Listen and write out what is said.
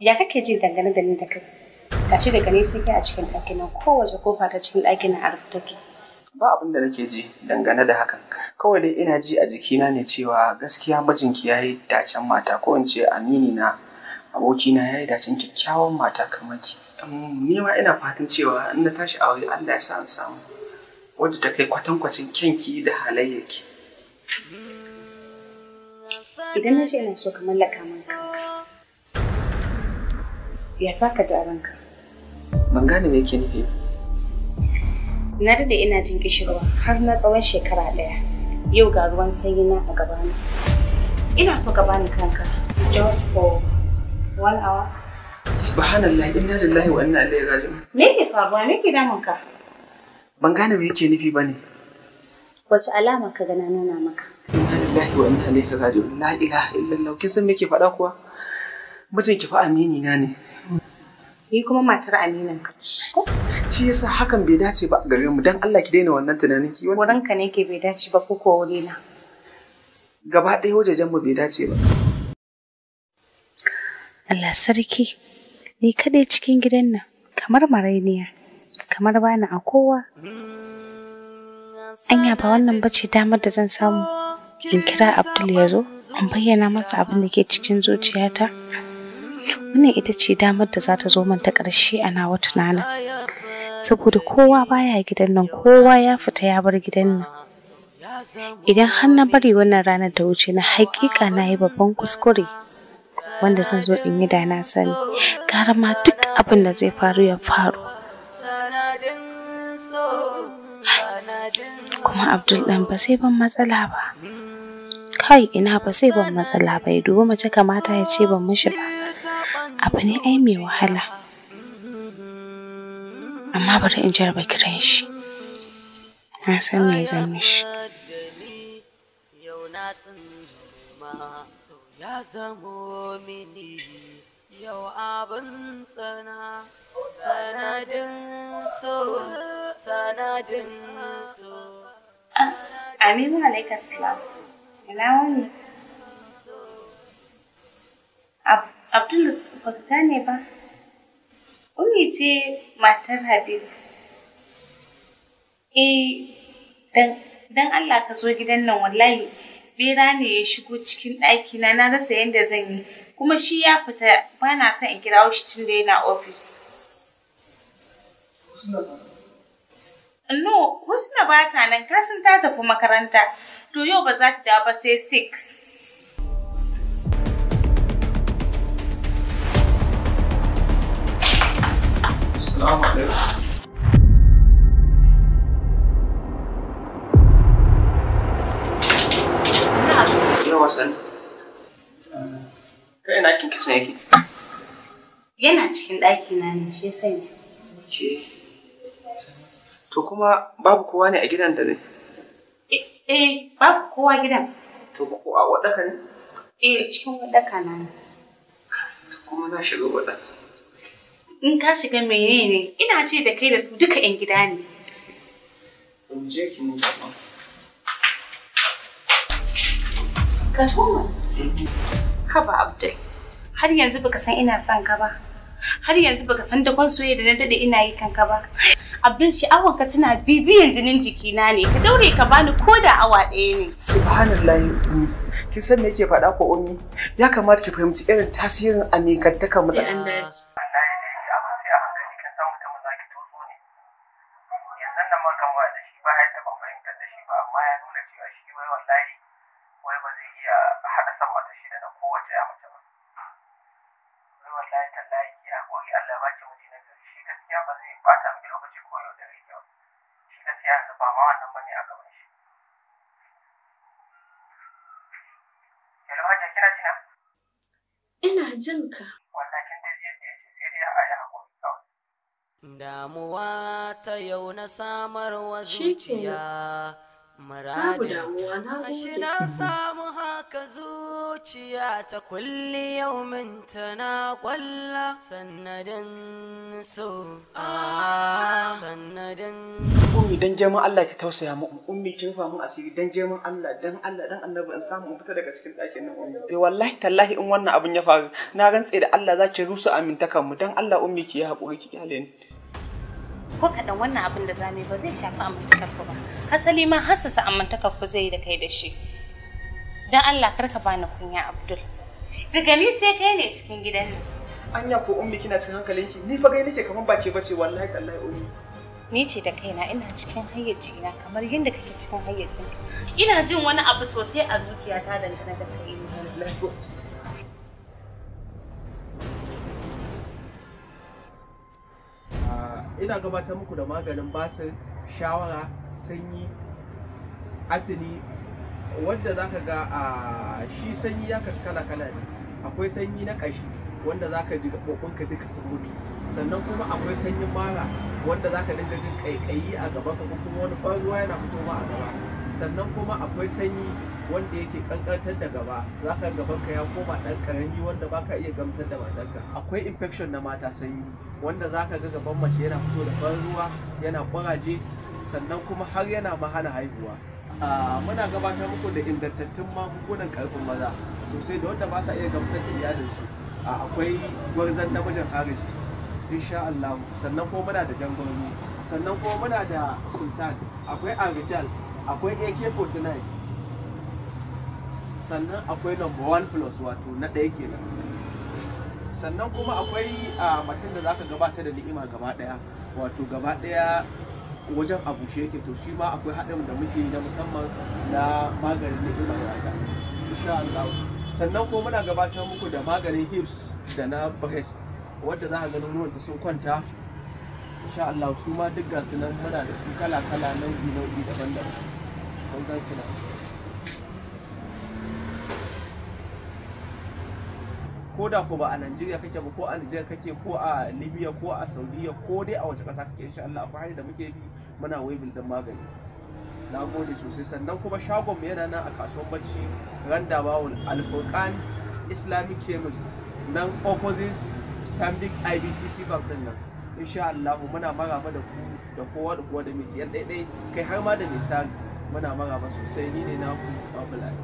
ya kake ji dangane da ni da kai gashi daga ne sai kai a cikin ɗakin nan kowace kofa ta cikin ɗakin nan a rufe ba abin da nake ji dangane da hakan kawai dai ina ji a jikina ne cewa gaskiya mijinki ya yi dacen mata ko in ce amini na abokina ya yi dacen kyakkyawan mata kamar ki ni ma ina fatan cewa in na tashi wuri Allah ya sa in samu wadda ta kai kwatankwacin kyanki da halayyarki idan na ce ina so ka mallaka maka. Ya saka ka ji ranka? Ban gane me yake nufi ba. Na dade ina jin kishirwa har na tsawon shekara ɗaya. Yau ga ruwan sanyi na a gabana. Ina so ka bani kanka just for one hour. Subhanallah inna lillahi wa inna ilaihi raji'un. Me ke faruwa me ke damun ka? Ban gane me yake nufi ba ne. Wace alama ka gana nuna maka? Inna lillahi wa inna ilaihi raji'un. La ilaha illallah. Kin san me ke faɗa kuwa? ki fa amini na ne. ni kuma matar aminin ka ce. Shi yasa hakan bai dace ba gare mu dan Allah ki daina wannan tunanin ki wannan. ka ne ke bai dace ba ko ko na. Gaba ɗaya wajajen mu bai dace ba. Allah sarki ni kaɗai cikin gidan nan kamar marainiya kamar bani a kowa. Anya ba wannan bace damar da zan samu in kira Abdul ya zo in bayyana masa abin da ke cikin zuciyata. wannan ita ce damar da za ta zo man ta ƙarshe a nawa tunanin saboda kowa baya gidan nan kowa ya fita ya bar gidan nan idan har na bari wannan ranar da wuce na haƙiƙa na yi babban kuskure wanda zan zo in yi da na sani gara ma duk abin da zai faru ya faru kuma abdul ɗan ba sai ban matsala ba kai ina ba sai ban matsala ba ya dubi mace kamata ya ce ban mishi ba abu ne ai mai wahala amma bari in jarba kiran shi na san me zan mishi ya ah, yau abin aminu ina wani abu Abdul ba ka gane ba. Ummi ce matar Habib. Eh, dan Allah ka zo gidan nan wallahi bera ne ya shigo cikin ɗakina na rasa yadda zan yi kuma shi ya fita ba na son in kira shi tun da yana ofis. No, Husna ba ta nan, kasan ta tafi makaranta, to yau ba za ta dawo ba sai 6. Assalamu alaikum. wasan ta ina kin kisan yake yana cikin ɗaki na ne shi sanya ce to kuma babu kowa ne a gidan da ne eh, eh babu kowa gidan to ko a waɗaka ne eh cikin waɗaka na ne kuma na shiga wadaka In ka shiga menene ina ce da kai da su duka 'yan gida ne. Je Ka Haba Abdul, har yanzu baka san ina son ka ba. Har yanzu baka san dakon soyayya da na daɗe ina yi kanka ba. Abdul sha'awar ka tana bibiyan jinin jikina ne, ka daure ka bani ko da awa ɗaya ne. Subhanallah ummi, kin san me yake faɗa ko ummi? Ya kamata ki fahimci irin tasirin aminkantakar mutane. wata shida na kowace ya mace ba wai wallahi tallahi ki hakuri Allah ba ki miji na gari shi gaskiya ba zai bata miki lokaci ko yau da rike ba shi gaskiya yanzu ba ma wannan bane a gaban shi Hello kina ji Ina jin ka. Wallahi kin dai yadda yake sai dai a yi hakuri kawai. Damuwa ta yau na samarwa zuciya. Muradin shi na samu ka zuciya ta kulli minta na kwalla sannadin so ah, sannadin ummi dan jeman Allah ki tausaya mu ummi kin famu asiri dan jeman Allah dan Allah dan annabi in samu in fita daga cikin ɗakin nan ummi eh wallahi tallahi in wannan abin ya faru na rantse da Allah za ki rusu amintakan mu dan Allah ummi ki yi hakuri ki kyale ni ko kaɗan wannan abin da zamu yi ba zai shafi amintakar ku ba hasali ma hassasa amintakar ku zai yi da kai da shi don Allah kar ka bani kunya Abdul. Daga ni sai kai ne cikin gidan nan. Anya ko ummi kina cikin hankalinki ni fa gai nake kamar ke bace wallahi tallahi ummi. Ni ce da kaina ina cikin hayyaci na kamar yadda kake cikin hayyacin ka. Ina jin wani abu sosai a zuciyata dangane da kai. Ah, ina gabatar muku da maganin basir, shawara, sanyi, atini, Wanda zaka ga a shi sanyi ya kasu kala-kala ne akwai sanyi na kashi wanda za ka ji gaɓoɓinka duka sun mutu sannan kuma akwai sanyin mara wanda za dinga jin kaikayi a gaban ka kuma wani ruwa yana fitowa a gaba sannan kuma akwai sanyi wanda yake kankantar da gaba za ka gabanka ya koma dan karami wanda ba iya gamsar da ka. akwai infection na mata sanyi wanda zaka ga gaban mace yana fito da ban ruwa yana ƙwaraje sannan kuma har yana ma haihuwa Ah, muna gabatar muku da ingantattun magungunan karfin maza sosai da wanda ba sa iya gamsar da iyalinsu ah, akwai gwarzon namijin haraji insha Allah sannan ko muna da jan sannan ko muna da sultan akwai arijal akwai ak-49 sannan akwai number one plus wato na ɗaya kenan sannan kuma akwai a ah, macen da ka gabata da ni'ima gaba ɗaya wato gaba ɗaya wajen abu bushe yake to shi ma akwai haɗin da muke na musamman na maganin ni'imar yata insha Allah sannan ko muna gabatar muku da maganin hips da na breast wadda za a ga nonuwanta sun kwanta insha Allah su ma duk gasu nan muna da su kala kala nau'i nau'i daban-daban kun gansu nan ko da ko ba a Najeriya kake ba ko a Najeriya kake ko a Libya ko a Saudiya ko dai a wace ƙasa kake insha Allah akwai hanyar da muke bi muna webin din magani na gode sosai sannan kuma shagon mu yana nan a kasuwar bacci randa bawul alfurkan islamic kemis nan opposite standing ibtc bank din nan insha Allah muna maraba da ku da kowa da kowa da mai siyan daidai kai har ma da mai muna maraba sosai ni ne naku Abdullahi